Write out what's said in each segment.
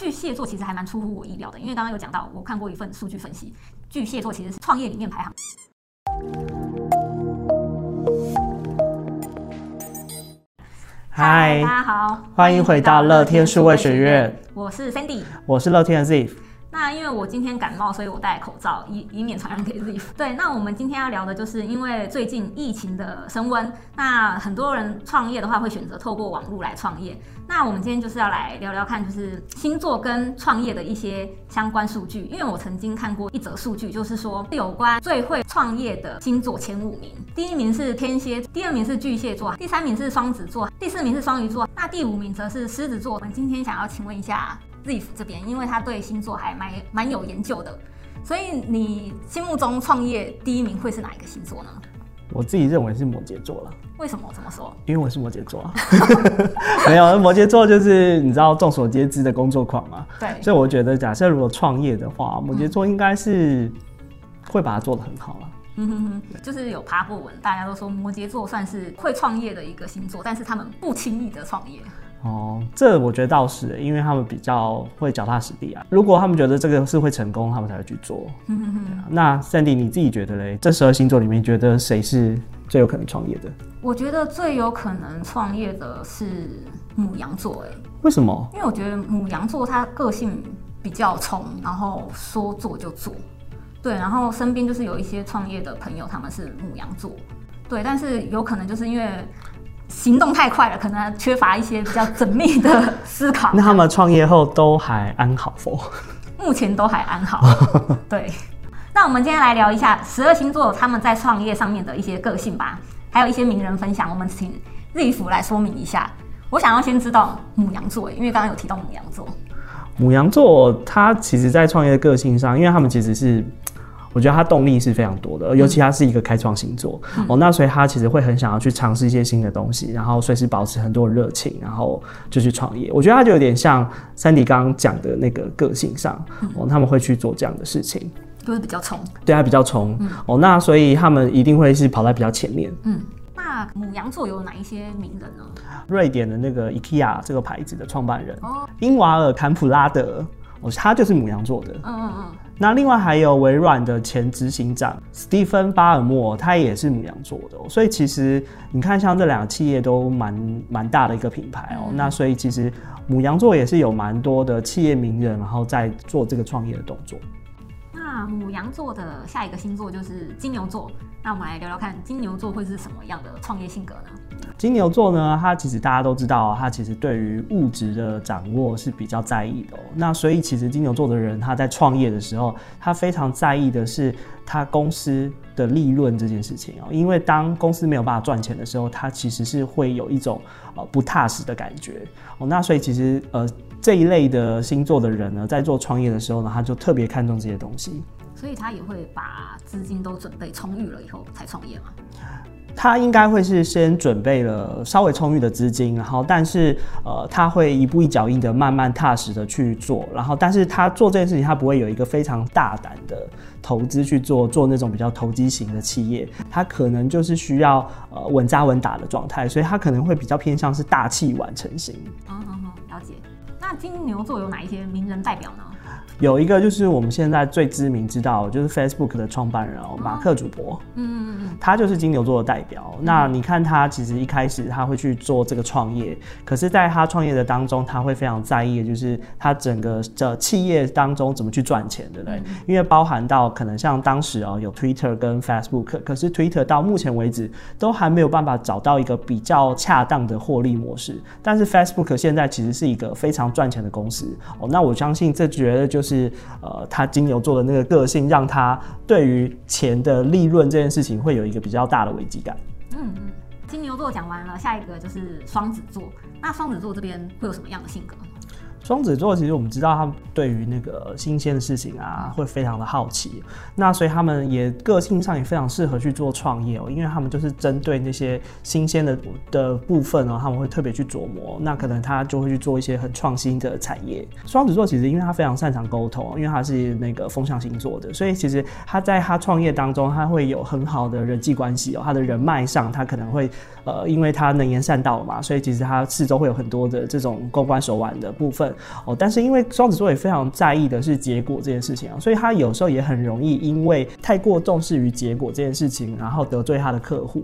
巨蟹座其實還蠻出乎我意料的，因為剛剛有講到，我看過一份數據分析，巨蟹座其實是創業裡面排行。嗨，Hi, 大家好，歡迎回到樂天數位學院，我是 Sandy，我是樂天的 Z。那因為我今天感冒，所以我戴口罩，以以免傳染給自己。對，那我們今天要聊的就是因為最近疫情的升溫，那很多人創業的話會選擇透過網絡來創業。那我們今天就是要來聊聊看，就是星座跟創業的一些相關數據。因為我曾經看過一則數據，就是說有關最會創業的星座前五名，第一名是天蠍，第二名是巨蟹座，第三名是雙子座，第四名是雙魚座，那第五名則是獅子座。我們今天想要請問一下。這邊，因為他對星座還蠻蠻有研究的，所以你心目中創業第一名會是哪一個星座呢？我自己認為是摩羯座了。為什麼我這麼說？因為我是摩羯座，啊， 沒有，摩羯座就是你知道眾所皆知的工作狂嘛。對，所以我覺得假設如果創業的話，摩羯座應該是會把它做得很好了。就是有爬過文，大家都說摩羯座算是會創業的一個星座，但是他們不輕易的創業。哦，這我覺得倒是，因為他們比較會腳踏實地啊。如果他們覺得這個是會成功，他們才會去做。嗯、哼哼，那 Sandy，你自己覺得嘞？這十二星座裡面，你覺得誰是最有可能創業的？我覺得最有可能創業的是牡羊座。哎，為什麼？因為我覺得牡羊座他個性比較衝，然後說做就做。對，然後身邊就是有一些創業的朋友，他們是牡羊座。對，但是有可能就是因為。行動太快了，可能缺乏一些比較縝密的思考、啊。 那他們創業後都還安好否？ 目前都還安好。 對。那我們今天來聊一下十二星座他們在創業上面的一些個性吧，還有一些名人分享。我們請立福來說明一下。我想要先知道牡羊座、欸，因為剛剛有提到牡羊座。牡羊座，他其實，在創業的個性上，因為他們其實是。我覺得他動力是非常多的，尤其他是一個開創星座哦，那所以他其實會很想要去嘗試一些新的東西，然後隨時保持很多熱情，然後就去創業。我覺得他就有點像 Sandy 剛剛講的那個個性上哦，他們會去做這樣的事情，就是比較衝對，他比較衝、嗯、哦，那所以他們一定會是跑在比較前面。嗯，那牡羊座有哪一些名人呢？瑞典的那個 IKEA 這個牌子的創辦人，哦、英瓦爾·坎普拉德哦，他就是牡羊座的。嗯嗯嗯。那另外還有微軟的前執行長斯蒂芬·巴爾默，他也是牡羊座的，所以其實你看，像這兩個企業都蠻蠻大的一個品牌哦。那所以其實牡羊座也是有蠻多的企業名人，然後在做這個創業的動作。那牡羊座的下一個星座就是金牛座。那我們來聊聊看，金牛座會是什麼樣的創業性格呢？金牛座呢，他其實大家都知道，他其實對於物質的掌握是比較在意的哦。那所以其實金牛座的人他在創業的時候，他非常在意的是他公司的利潤這件事情哦。因為當公司沒有辦法賺錢的時候，他其實是會有一種呃不踏實的感覺哦。那所以其實呃這一類的星座的人呢，在做創業的時候呢，他就特別看重這些東西。所以他也會把資金都準備充裕了以後才創業嗎？他應該會是先準備了稍微充裕的資金，然後但是呃他會一步一腳印的慢慢踏實的去做，然後但是他做這件事情，他不會有一個非常大膽的投資去做做那種比較投機型的企業，他可能就是需要呃穩紮穩打的狀態，所以他可能會比較偏向是大器晚成型。嗯，好，嗯嗯，了解。那金牛座有哪一些名人代表呢？有一個就是我們現在最知名知道的就是 Facebook 的創辦人哦、喔，馬克·主播。嗯，他就是金牛座的代表。那你看他其實一開始他會去做這個創業，可是在他創業的當中，他會非常在意的就是他整個的企業當中怎麼去賺錢，對不對？因為包含到可能像當時哦、喔、有 Twitter 跟 Facebook，可是 Twitter 到目前為止都還沒有辦法找到一個比較恰當的獲利模式，但是 Facebook 現在其實是一個非常賺錢的公司哦、喔。那我相信這絕對。就是呃，他金牛座的那個個性，讓他對於錢的利潤這件事情會有一個比較大的危機感。嗯嗯，金牛座講完了，下一個就是雙子座。那雙子座這邊會有什麼樣的性格？雙子座其實我們知道，他們對於那個新鮮的事情啊，會非常的好奇。那所以他們也個性上也非常適合去做創業哦，因為他們就是針對那些新鮮的的部分哦，他們會特別去琢磨。那可能他就會去做一些很創新的產業。雙子座其實因為他非常擅長溝通，因為他是那個風象星座的，所以其實他在他創業當中，他會有很好的人際關係哦。他的人脈上，他可能會呃，因為他能言善道嘛，所以其實他四周會有很多的這種公關手腕的部分。哦，但是因為雙子座也非常在意的是結果這件事情啊，所以他有時候也很容易因為太過重視於結果這件事情，然後得罪他的客戶。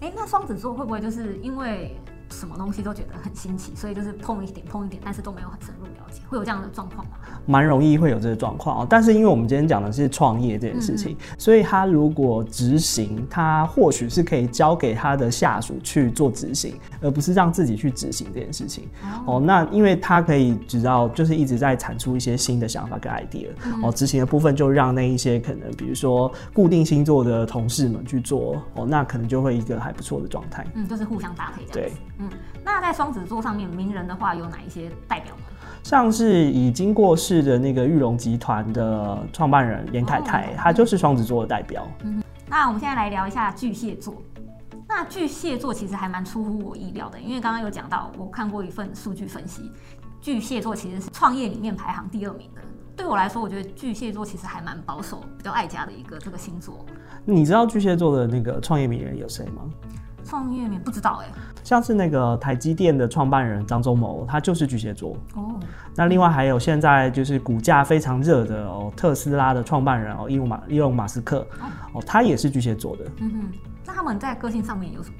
哎、欸，那雙子座會不會就是因為？什麼東西都覺得很新奇，所以就是碰一點碰一點，但是都沒有很深入了解，會有這樣的狀況嗎？蠻容易會有這個狀況哦。但是因為我們今天講的是創業這件事情，嗯嗯，所以他如果執行，他或許是可以交給他的下屬去做執行，而不是讓自己去執行這件事情哦、喔。那因為他可以知道，就是一直在產出一些新的想法跟 idea 哦、嗯嗯。執行的部分就讓那一些可能比如說固定星座的同事們去做哦、喔，那可能就會一個還不錯的狀態。嗯，就是互相搭配這樣對。嗯，那在雙子座上面名人的話有哪一些代表呢？像是已經過世的那個裕隆集團的創辦人嚴凱泰，他、哦、就是雙子座的代表。嗯，那我們現在來聊一下巨蟹座。那巨蟹座其實還蠻出乎我意料的，因為剛剛有講到，我看過一份數據分析，巨蟹座其實是創業裡面排行第二名的。對我來說，我覺得巨蟹座其實還蠻保守、比較愛家的一個這個星座。你知道巨蟹座的那個創業名人有誰嗎？創業名？不知道哎、欸。像是那個台積電的創辦人張忠謀，他就是巨蟹座哦。那另外還有現在就是股價非常熱的哦，特斯拉的創辦人哦，伊隆馬，伊隆馬斯克哦，哦，他也是巨蟹座的。嗯哼，那他們在個性上面有什麼？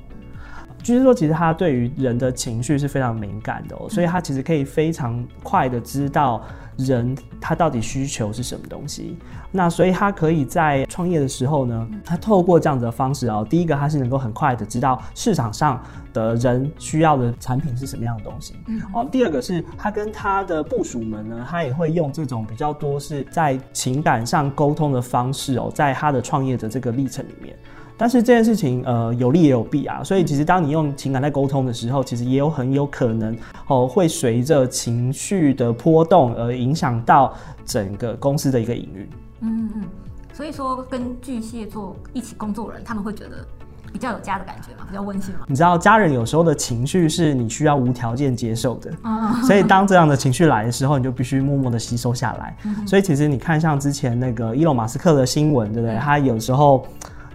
據說，其實他對於人的情緒是非常敏感的哦，所以他其實可以非常快的知道人他到底需求是什麼東西。那所以他可以在創業的時候呢，他透過這樣子的方式哦，第一個他是能夠很快的知道市場上的人需要的產品是什麼樣的東西嗯，哦。第二個是他跟他的部屬們呢，他也會用這種比較多是在情感上溝通的方式哦，在他的創業的這個歷程裡面。但是這件事情，呃，有利也有弊啊。所以其實當你用情感在溝通的時候，其實也有很有可能哦，會隨着情緒的波動而影響到整個公司的一個營運。嗯嗯，所以說跟巨蟹座一起工作人，他們會覺得比較有家的感覺嘛，比較溫馨嘛。你知道，家人有時候的情緒是你需要無條件接受的。嗯。 所以當這樣的情緒來的時候，你就必須默默的吸收下來。嗯、哼所以其實你看，像之前那個伊隆馬斯克的新聞，對不對？嗯、哼他有時候。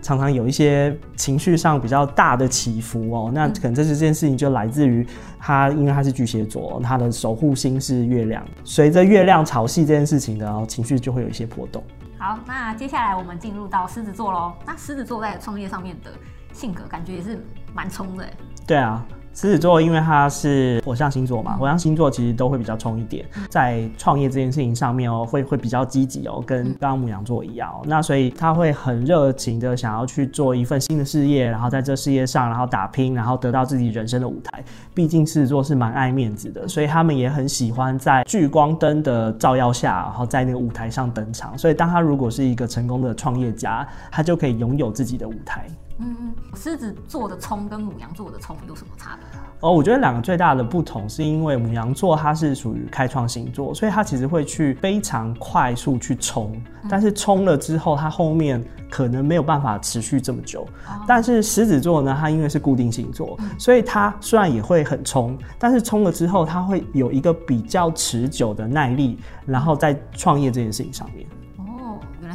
常常有一些情緒上比較大的起伏哦、喔，那可能這件事情就來自於他，因為他是巨蟹座，他的守護星是月亮，隨着月亮潮汐這件事情呢，情緒就會有一些波動。好，那接下來我們進入到獅子座嘍。那獅子座在創業上面的性格感覺也是蠻衝的，對啊。獅子座因為他是火象星座嘛，火象星座其實都會比較衝一點，在創業這件事情上面哦，會會比較積極哦，跟剛剛牡羊座一樣哦。那所以他會很熱情的想要去做一份新的事業，然後在這事業上然後打拼，然後得到自己人生的舞台。畢竟獅子座是蠻愛面子的，所以他們也很喜歡在聚光燈的照耀下，然後在那個舞台上登場。所以當他如果是一個成功的創業家，他就可以擁有自己的舞台。嗯，獅子座的衝跟牡羊座的衝有什麼差別？哦，oh, 我覺得兩個最大的不同是因為牡羊座它，是屬於開創星座，所以它其實會去非常快速去衝，但是衝了之後它後面可能沒有辦法持續這麼久。但是獅子座呢，它因為是固定星座，所以它雖然也會很衝，但是衝了之後它會有一個比較持久的耐力，然後在創業這件事情上面。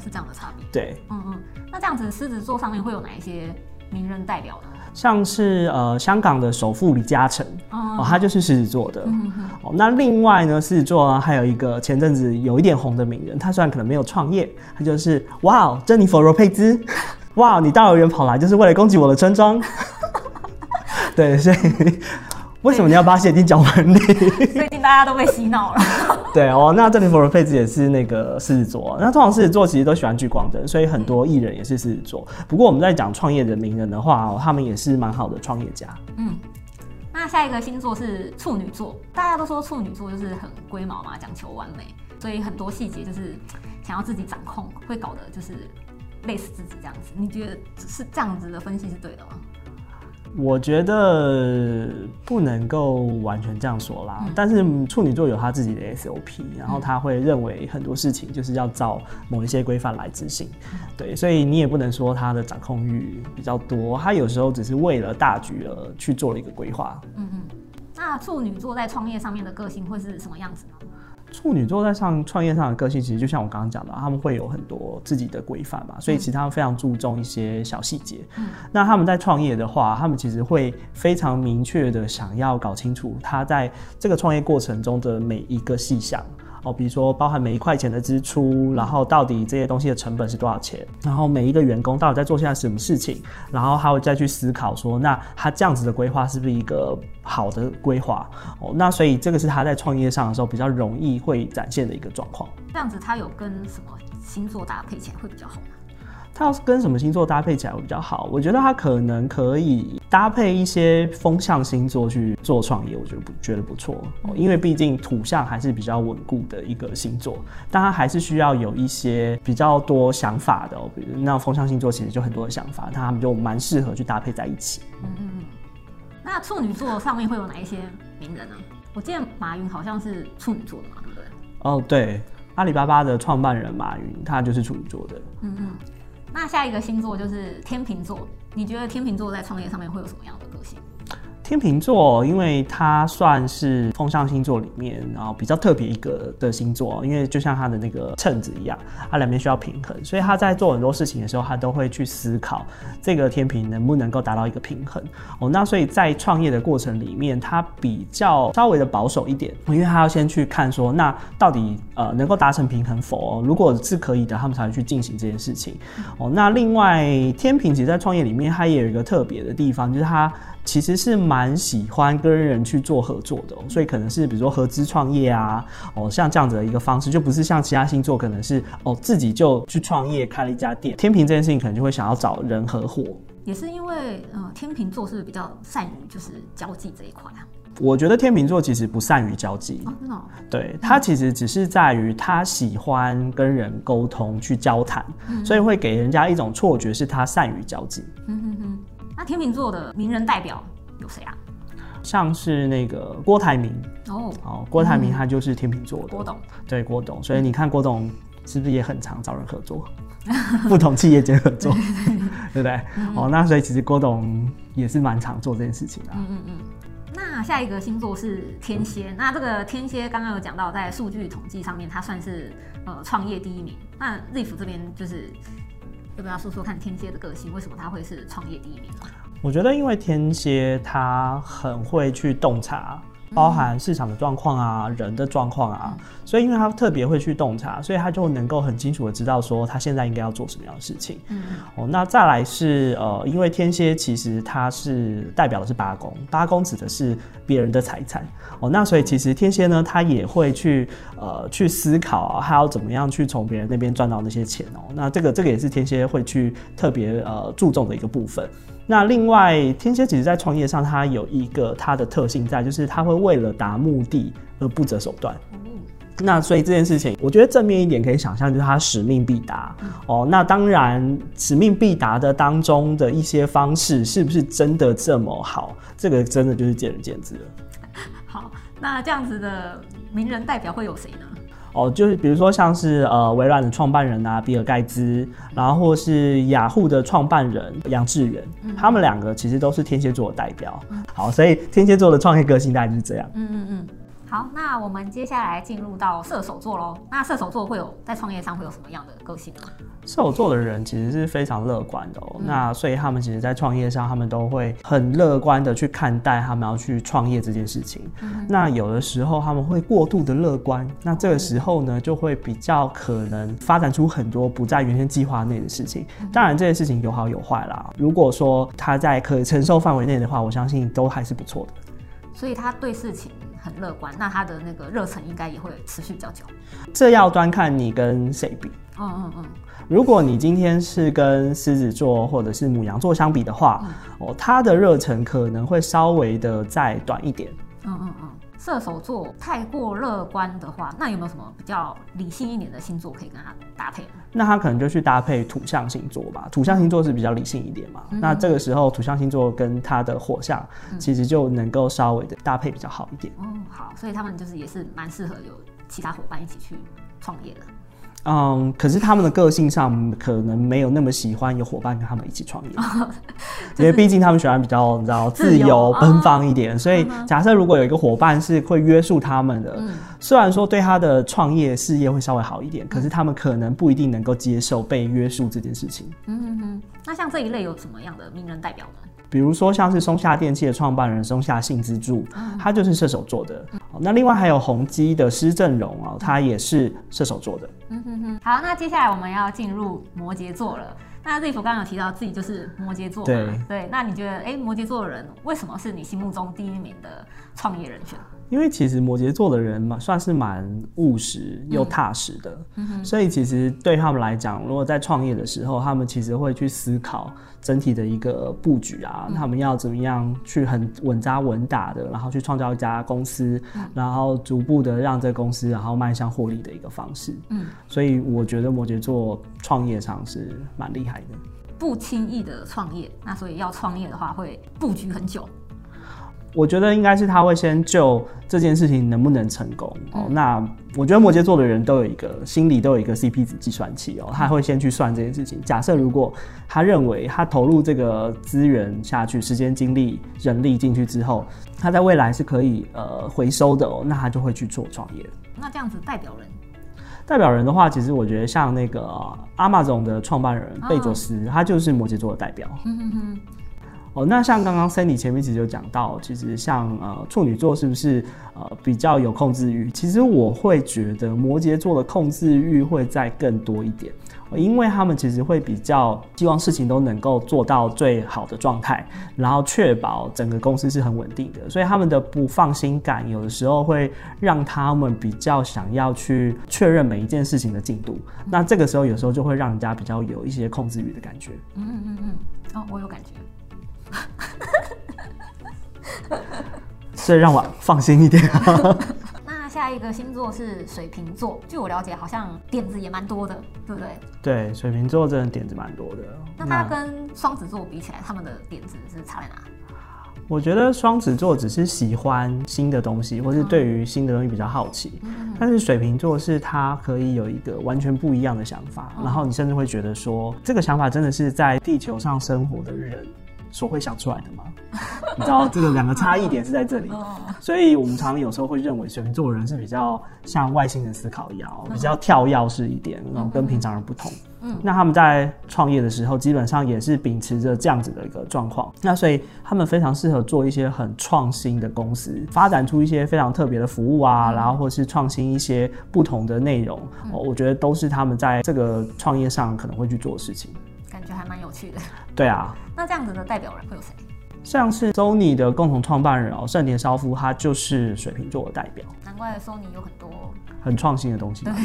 是這樣的差別，對，嗯嗯，那這樣子獅子座上面會有哪一些名人代表呢？像是呃香港的首富李嘉誠，嗯、哦，他就是獅子座的。嗯、哼哼哦，那另外呢獅子座還有一個前陣子有一點紅的名人，他雖然可能沒有創業，他就是哇哦珍妮佛羅佩茲，哇，你大老遠跑來就是為了攻擊我的村莊 對，所以為什麼你要把謝金講完呢？ 大家都被洗腦了。 對哦，那這裡 for t face 也是那個獅子座，那通常獅子座其實都喜歡聚光燈，所以很多藝人也是獅子座。不過我們在講創業的名人的話、哦，他們也是蠻好的創業家。嗯，那下一個星座是處女座，大家都說處女座就是很龜毛嘛，講求完美，所以很多細節就是想要自己掌控，會搞得就是累死自己這樣子。你覺得是這樣子的分析是對的嗎？我覺得不能夠完全這樣說啦，嗯、但是處女座有他自己的 SOP，然後他會認為很多事情就是要照某一些規範來執行，嗯、對，所以你也不能說他的掌控欲比較多，他有時候只是為了大局而去做了一個規劃。嗯嗯，那處女座在創業上面的個性會是什麼樣子呢？處女座在上創業上的個性，其實就像我剛剛講的，他們會有很多自己的規範嘛。所以其實他們非常注重一些小細節。嗯、那他們在創業的話，他們其實會非常明確的想要搞清楚他在這個創業過程中的每一個細項哦，比如說，包含每一塊錢的支出，然後到底這些東西的成本是多少錢，然後每一個員工到底在做現在什麼事情，然後他會再去思考說，那他這樣子的規劃是不是一個好的規劃？哦，那所以這個是他在創業上的時候比較容易會展現的一個狀況。這樣子，他有跟什麼星座搭配起來會比較好嗎？要跟什麼星座搭配起來，我比較好？我覺得他可能可以搭配一些風象星座去做創業，我覺得不覺得不錯哦。因為畢竟土象還是比較穩固的一個星座，但他還是需要有一些比較多想法的。比如那風象星座其實就很多的想法，他們就蠻適合去搭配在一起。嗯，嗯嗯嗯。那處女座上面會有哪一些名人呢？我記得馬雲好像是處女座的嘛，對不對？哦對，阿里巴巴的創辦人馬雲，他就是處女座的。嗯嗯。那下一個星座就是天秤座，你覺得天秤座在創業上面會有什麼樣的個性？天秤座，因為它算是風象星座裡面，然後比較特別一個的星座。因為就像它的那個秤子一樣，它兩邊需要平衡，所以他在做很多事情的時候，他都會去思考這個天秤能不能夠達到一個平衡。哦，那所以在創業的過程裡面，他比較稍微的保守一點，因為他要先去看說，那到底呃能夠達成平衡否？如果是可以的，他們才會去進行這件事情。哦，那另外天秤其實，在創業裡面，它也有一個特別的地方，就是它。其實是蠻喜歡跟人去做合作的、哦，所以可能是比如說合資創業啊，哦像這樣子的一個方式，就不是像其他星座可能是哦自己就去創業開了一家店。天秤這件事情可能就會想要找人合夥，也是因為呃天秤座是不是比較善於就是交際這一塊啊？我覺得天秤座其實不善於交際、oh, no. 對，他其實只是在於他喜歡跟人溝通去交談，嗯嗯所以會給人家一種錯覺是他善於交際。嗯哼、嗯、哼、嗯。那天秤座的名人代表有誰啊？像是那個郭台銘哦，哦、oh, 喔，郭台銘他就是天秤座的郭董，嗯、對郭董，所以你看郭董是不是也很常找人合作， 不同企業間合作， 對不對，對？哦， 那所以其實郭董也是蠻常做這件事情的、啊。嗯嗯嗯。那下一個星座是天蠍，嗯、那這個天蠍剛剛有講到，在數據統計上面，他算是呃創業第一名。那 l 福這邊就是。要不要說說看天蠍的個性？為什麼他會是創業第一名？我覺得，因為天蠍他很會去洞察。包含市場的狀況啊，人的狀況啊，所以因為他特別會去洞察，所以他就能夠很清楚的知道說他現在應該要做什麼樣的事情。嗯，哦，那再來是呃，因為天蠍其實他是代表的是八宮，八宮指的是別人的財產。哦，那所以其實天蠍呢，他也會去呃去思考啊，他要怎麼樣去從別人那邊賺到那些錢哦。那這個這個也是天蠍會去特別呃注重的一個部分。那另外天蠍其實在創業上，他有一個他的特性在，就是他會為了達目的而不擇手段。哦、嗯，那所以這件事情，我覺得正面一點可以想象，就是他使命必達。嗯、哦，那當然使命必達的當中的一些方式，是不是真的這麼好？這個真的就是見仁見智了。好，那這樣子的名人代表會有誰呢？哦，就是比如說像是呃微軟的創辦人啊，比爾蓋茨，然後或是雅虎的創辦人楊致遠，嗯、他們兩個其實都是天蠍座的代表。嗯、好，所以天蠍座的創業個性大概就是這樣。嗯嗯嗯。好，那我們接下來進入到射手座嘍。那射手座會有在創業上會有什麼樣的個性嗎？射手座的人其實是非常樂觀的哦、喔。嗯、那所以他們其實，在創業上，他們都會很樂觀的去看待他們要去創業這件事情。嗯、哼那有的時候他們會過度的樂觀，嗯、哼那這個時候呢，就會比較可能發展出很多不在原先計劃內的事情。嗯、哼當然，這件事情有好有壞啦。如果說他在可承受範圍內的話，我相信都還是不錯的。所以他對事情。很樂觀，那他的那個熱忱應該也會持續較久。這要端看你跟誰比。嗯嗯嗯，嗯嗯，如果你今天是跟獅子座或者是牡羊座相比的話，嗯、哦，他的熱忱可能會稍微的再短一點。嗯嗯嗯。嗯嗯射手座太過樂觀的話，那有沒有什麼比較理性一點的星座可以跟他搭配呢？那他可能就去搭配土象星座吧，土象星座是比較理性一點嘛。嗯嗯，那這個時候土象星座跟他的火象，其實就能夠稍微的搭配比較好一點。哦、嗯嗯，好，所以他們就是也是蠻適合有其他夥伴一起去創業的。嗯，可是他們的個性上可能沒有那麼喜歡有夥伴跟他們一起創業，哦就是、因為畢竟他們喜歡比較你知道自由，自由奔放一點。哦、所以假設如果有一個夥伴是會約束他們的，嗯、雖然說對他的創業事業會稍微好一點，嗯、可是他們可能不一定能夠接受被約束這件事情。嗯嗯嗯。那像這一類有什麼樣的名人代表呢？比如說像是松下電器的創辦人松下幸之助，他就是射手座的。嗯、那另外還有宏碁的施振榮哦，他也是射手座的。嗯哼，好，那接下來我們要進入摩羯座了。那立夫剛剛有提到自己就是摩羯座，對，對，那你覺得，誒、欸，摩羯座的人為什麼是你心目中第一名的創業人選？因為其實摩羯座的人嘛，算是蠻務實又踏實的，嗯、所以其實對他們來講，如果在創業的時候，他們其實會去思考整體的一個布局啊，嗯、他們要怎麼樣去很穩扎穩打的，然後去創造一家公司，嗯、然後逐步的讓這公司然後邁向獲利的一個方式。嗯、所以我覺得摩羯座創業上是蠻厲害的，不輕易的創業。那所以要創業的話，會布局很久。嗯我覺得應該是他會先就這件事情能不能成功。嗯、哦。那我覺得摩羯座的人都有一個心裡都有一個 CP 值計算器哦，嗯、他會先去算這件事情。假設如果他認為他投入這個資源下去，時間、精力、人力進去之後，他在未來是可以呃回收的，哦，那他就會去做創業。那這樣子代表人，代表人的話，其實我覺得像那個 Amazon 的創辦人貝佐斯，哦，他就是摩羯座的代表。嗯哼哼哦，那像剛剛 Cindy 前面其實有講到，其實像呃處女座是不是，呃，比較有控制慾？其實我會覺得摩羯座的控制慾會再更多一點，因為他們其實會比較希望事情都能夠做到最好的狀態，然後確保整個公司是很穩定的，所以他們的不放心感有的時候會讓他們比較想要去確認每一件事情的進度。那這個時候有時候就會讓人家比較有一些控制慾的感覺。嗯嗯嗯嗯，哦，我有感覺。 所以讓我放心一點。 那下一個星座是水瓶座，據我了解，好像點子也蠻多的，對不對？對，水瓶座真的點子蠻多的。那它跟雙子座比起來，那他們的點子是差在哪？我覺得雙子座只是喜歡新的東西，或是對於新的東西比較好奇。嗯、但是水瓶座是，他可以有一個完全不一樣的想法，嗯、然後你甚至會覺得說，這個想法真的是在地球上生活的人。所會想出來的嗎？ 你知道這個兩個差異點是在這裡，所以我們常常有時候會認為水瓶座的人是比較像外星人思考一樣，比較跳躍式一點，然後跟平常人不同。嗯，那他們在創業的時候，基本上也是秉持着這樣子的一個狀況。那所以他們非常適合做一些很創新的公司，發展出一些非常特別的服務啊，然後或是創新一些不同的內容。我覺得都是他們在這個創業上可能會去做的事情。還蠻有趣的，對啊。那這樣子的代表人會有誰？像是 Sony 的共同創辦人哦，盛田昭夫，他就是水瓶座的代表。難怪 Sony 有很多、哦、很創新的東西，對。對，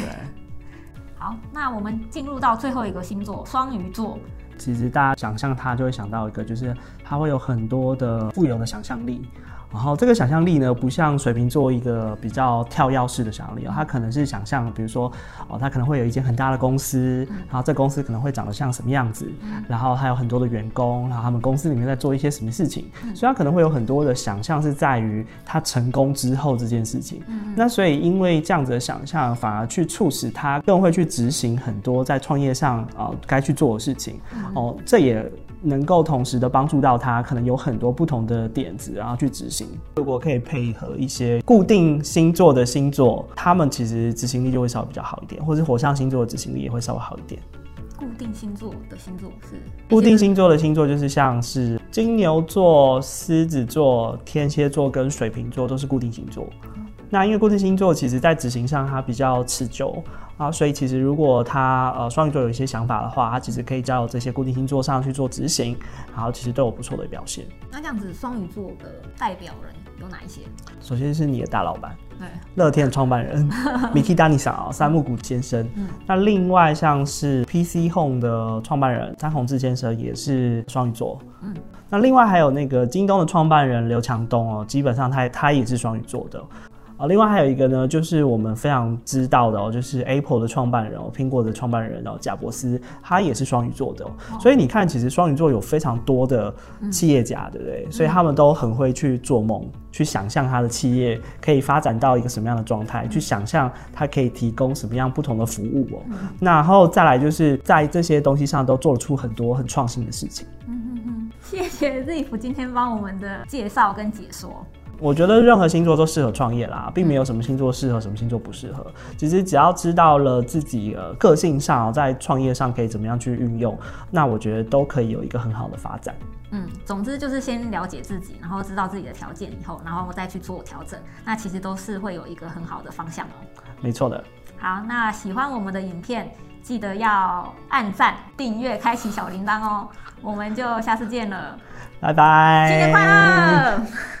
好，那我們進入到最後一個星座——雙、嗯、魚座。其實大家想象他就會想到一個，就是他會有很多的富有的想象力。嗯然後這個想象力呢，不像水瓶座一個比較跳躍式的想象力，他可能是想象，比如說哦，他可能會有一間很大的公司，然後這公司可能會長得像什麼樣子，然後還有很多的員工，然後他們公司裡面在做一些什麼事情，所以他可能會有很多的想象是在於他成功之後這件事情。那所以因為這樣子的想象，反而去促使他更會去執行很多在創業上啊、呃、該去做的事情。哦，這也。能夠同時的幫助到他，可能有很多不同的點子，然後去執行。如果可以配合一些固定星座的星座，他們其實執行力就會稍微比較好一點，或是火象星座的執行力也會稍微好一點。固定星座的星座是？固定星座的星座就是像是金牛座、獅子座、天蠍座跟水瓶座都是固定星座。嗯、那因為固定星座其實在執行上它比較持久。啊，所以其實如果他呃雙魚座有一些想法的話，他其實可以交由這些固定星座上去做執行，然後其實都有不錯的表現。那這樣子雙魚座的代表人有哪一些？首先是你的大老闆，對，樂天的創辦人 Mikitani-san 哦，三木谷先生。嗯，那另外像是 PC Home 的創辦人詹宏志先生也是雙魚座。嗯，那另外還有那個京東的創辦人劉強東哦，基本上他他也是雙魚座的。啊，另外還有一個呢，就是我們非常知道的哦、喔，就是 Apple 的創辦人哦、喔，蘋果的創辦人哦、喔，賈伯斯，他也是雙魚座的、喔，哇所以你看，其實雙魚座有非常多的企業家，嗯、對不對？所以他們都很會去做夢，去想象他的企業可以發展到一個什麼樣的狀態，嗯、去想象他可以提供什麼樣不同的服務哦、喔。嗯、然後再來，就是在這些東西上都做了出很多很創新的事情。嗯哼、哼，謝謝 Rive 今天幫我們的介紹跟解說。我覺得任何星座都適合創業啦，並沒有什麼星座適合，什麼星座不適合。其實只要知道了自己呃個性上在創業上可以怎麼樣去運用，那我覺得都可以有一個很好的發展。嗯，總之就是先了解自己，然後知道自己的條件以後，然後再去做調整，那其實都是會有一個很好的方向哦。沒錯的。好，那喜歡我們的影片，記得要按贊、訂閱、開啟小鈴鐺哦。我們就下次見了，拜拜，新年快樂。